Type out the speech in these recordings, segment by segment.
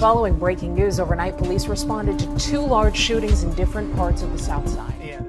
Following breaking news overnight, police responded to two large shootings in different parts of the South Side. Yeah.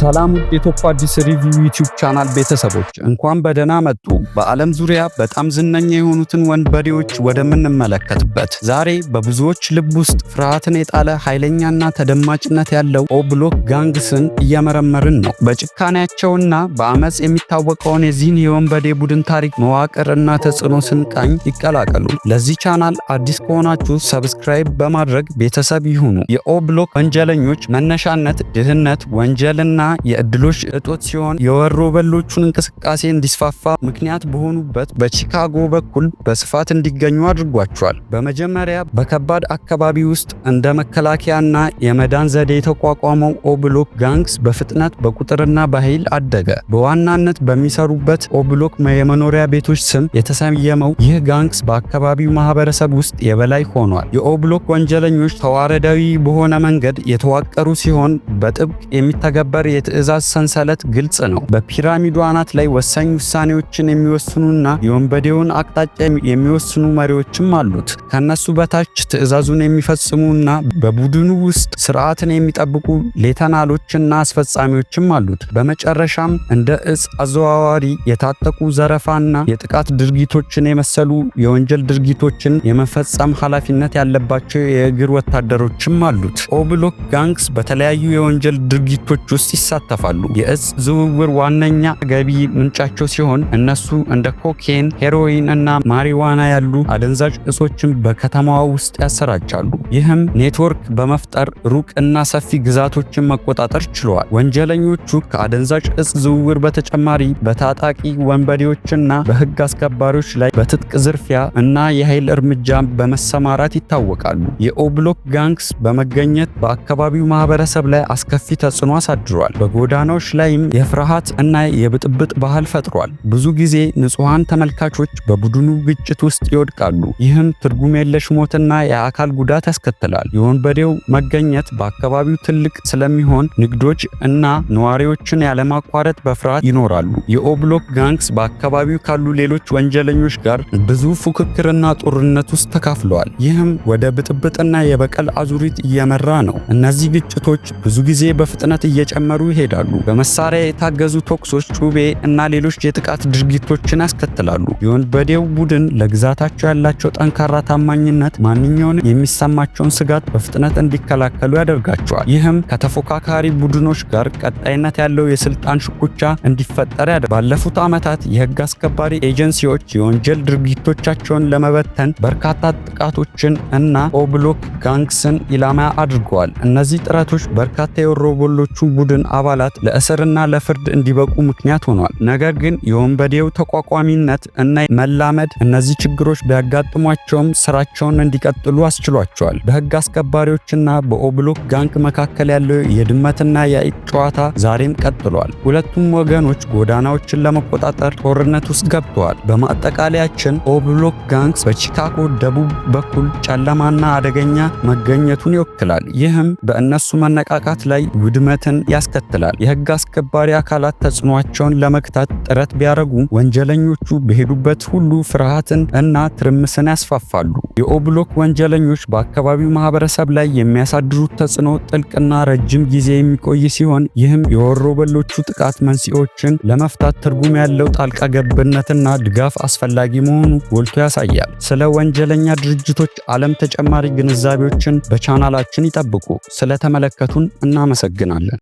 ሰላም የቶፕ አዲስ ሪቪው ዩቲዩብ ቻናል ቤተሰቦች እንኳን በደህና መጡ። በዓለም ዙሪያ በጣም ዝነኛ የሆኑትን ወንበዴዎች ወደምንመለከትበት ዛሬ በብዙዎች ልብ ውስጥ ፍርሃትን የጣለ ኃይለኛና ተደማጭነት ያለው ኦብሎክ ጋንግስን እየመረመርን ነው። በጭካኔያቸውና በአመፅ የሚታወቀውን የዚህን የወንበዴ ቡድን ታሪክ መዋቅርና ተጽዕኖ ስንቃኝ ይቀላቀሉ። ለዚህ ቻናል አዲስ ከሆናችሁ ሰብስክራይብ በማድረግ ቤተሰብ ይሁኑ። የኦብሎክ ወንጀለኞች መነሻነት ድህነት፣ ወንጀልና ሲሆንና የእድሎች እጦት ሲሆን የወሮ በሎቹን እንቅስቃሴ እንዲስፋፋ ምክንያት በሆኑበት በቺካጎ በኩል በስፋት እንዲገኙ አድርጓቸዋል። በመጀመሪያ በከባድ አካባቢ ውስጥ እንደ መከላከያና የመዳን ዘዴ የተቋቋመው ኦብሎክ ጋንግስ በፍጥነት በቁጥርና በኃይል አደገ። በዋናነት በሚሰሩበት ኦብሎክ የመኖሪያ ቤቶች ስም የተሰየመው ይህ ጋንግስ በአካባቢው ማህበረሰብ ውስጥ የበላይ ሆኗል። የኦብሎክ ወንጀለኞች ተዋረዳዊ በሆነ መንገድ የተዋቀሩ ሲሆን በጥብቅ የሚተገበር የትዕዛዝ ሰንሰለት ግልጽ ነው። በፒራሚዱ አናት ላይ ወሳኝ ውሳኔዎችን የሚወስኑና የወንበዴውን አቅጣጫ የሚወስኑ መሪዎችም አሉት። ከነሱ በታች ትዕዛዙን የሚፈጽሙና በቡድኑ ውስጥ ስርዓትን የሚጠብቁ ሌተናሎችና አስፈጻሚዎችም አሉት። በመጨረሻም እንደ እጽ አዘዋዋሪ፣ የታጠቁ ዘረፋና የጥቃት ድርጊቶችን የመሰሉ የወንጀል ድርጊቶችን የመፈጸም ኃላፊነት ያለባቸው የእግር ወታደሮችም አሉት። ኦብሎክ ጋንግስ በተለያዩ የወንጀል ድርጊቶች ውስጥ ይሳተፋሉ። የእጽ ዝውውር ዋነኛ ገቢ ምንጫቸው ሲሆን እነሱ እንደ ኮኬን፣ ሄሮይን እና ማሪዋና ያሉ አደንዛዥ እጾችን በከተማዋ ውስጥ ያሰራጫሉ። ይህም ኔትወርክ በመፍጠር ሩቅ እና ሰፊ ግዛቶችን መቆጣጠር ችለዋል። ወንጀለኞቹ ከአደንዛዥ እጽ ዝውውር በተጨማሪ በታጣቂ ወንበዴዎችና በህግ አስከባሪዎች ላይ በትጥቅ ዝርፊያ እና የኃይል እርምጃ በመሰማራት ይታወቃሉ። የኦብሎክ ጋንግስ በመገኘት በአካባቢው ማህበረሰብ ላይ አስከፊ ተጽዕኖ አሳድሯል። አድርጓል። በጎዳናዎች ላይም የፍርሃት እና የብጥብጥ ባህል ፈጥሯል። ብዙ ጊዜ ንጹሐን ተመልካቾች በቡድኑ ግጭት ውስጥ ይወድቃሉ። ይህም ትርጉም የለሽ ሞትና የአካል ጉዳት ያስከትላል። የወንበዴው መገኘት በአካባቢው ትልቅ ስለሚሆን ንግዶች እና ነዋሪዎችን ያለማቋረጥ በፍርሃት ይኖራሉ። የኦብሎክ ጋንግስ በአካባቢው ካሉ ሌሎች ወንጀለኞች ጋር ብዙ ፉክክርና ጦርነት ውስጥ ተካፍለዋል። ይህም ወደ ብጥብጥና የበቀል አዙሪት እየመራ ነው። እነዚህ ግጭቶች ብዙ ጊዜ በፍጥነት እየጨመሩ እየጨመሩ ይሄዳሉ። በመሳሪያ የታገዙ ተኩሶች፣ ጩቤ እና ሌሎች የጥቃት ድርጊቶችን ያስከትላሉ። የወንበዴው ቡድን ለግዛታቸው ያላቸው ጠንካራ ታማኝነት ማንኛውንም የሚሰማቸውን ስጋት በፍጥነት እንዲከላከሉ ያደርጋቸዋል። ይህም ከተፎካካሪ ቡድኖች ጋር ቀጣይነት ያለው የስልጣን ሽኩቻ እንዲፈጠር ያደርጋል። ባለፉት ዓመታት የህግ አስከባሪ ኤጀንሲዎች የወንጀል ድርጊቶቻቸውን ለመበተን በርካታ ጥቃቶችን እና ኦብሎክ ጋንግስን ኢላማ አድርገዋል። እነዚህ ጥረቶች በርካታ የወሮበሎቹን ቡድን የቡድን አባላት ለእስርና ለፍርድ እንዲበቁ ምክንያት ሆኗል። ነገር ግን የወንበዴው ተቋቋሚነት እና መላመድ እነዚህ ችግሮች ቢያጋጥሟቸውም ስራቸውን እንዲቀጥሉ አስችሏቸዋል። በህግ አስከባሪዎችና በኦብሎክ ጋንክ መካከል ያለው የድመትና የአይጥ ጨዋታ ዛሬም ቀጥሏል። ሁለቱም ወገኖች ጎዳናዎችን ለመቆጣጠር ጦርነት ውስጥ ገብተዋል። በማጠቃለያችን ኦብሎክ ጋንክስ በቺካጎ ደቡብ በኩል ጨለማና አደገኛ መገኘቱን ይወክላል። ይህም በእነሱ መነቃቃት ላይ ውድመትን ያስ ያስከትላል። የህግ አስከባሪ አካላት ተጽዕኖቸውን ለመግታት ጥረት ቢያደርጉ ወንጀለኞቹ በሄዱበት ሁሉ ፍርሃትን እና ትርምስን ያስፋፋሉ። የኦብሎክ ወንጀለኞች በአካባቢው ማህበረሰብ ላይ የሚያሳድሩት ተጽዕኖ ጥልቅና ረጅም ጊዜ የሚቆይ ሲሆን ይህም የወሮበሎቹ ጥቃት መንስኤዎችን ለመፍታት ትርጉም ያለው ጣልቃ ገብነትና ድጋፍ አስፈላጊ መሆኑ ጎልቶ ያሳያል። ስለ ወንጀለኛ ድርጅቶች ዓለም ተጨማሪ ግንዛቤዎችን በቻናላችን ይጠብቁ። ስለተመለከቱን እናመሰግናለን።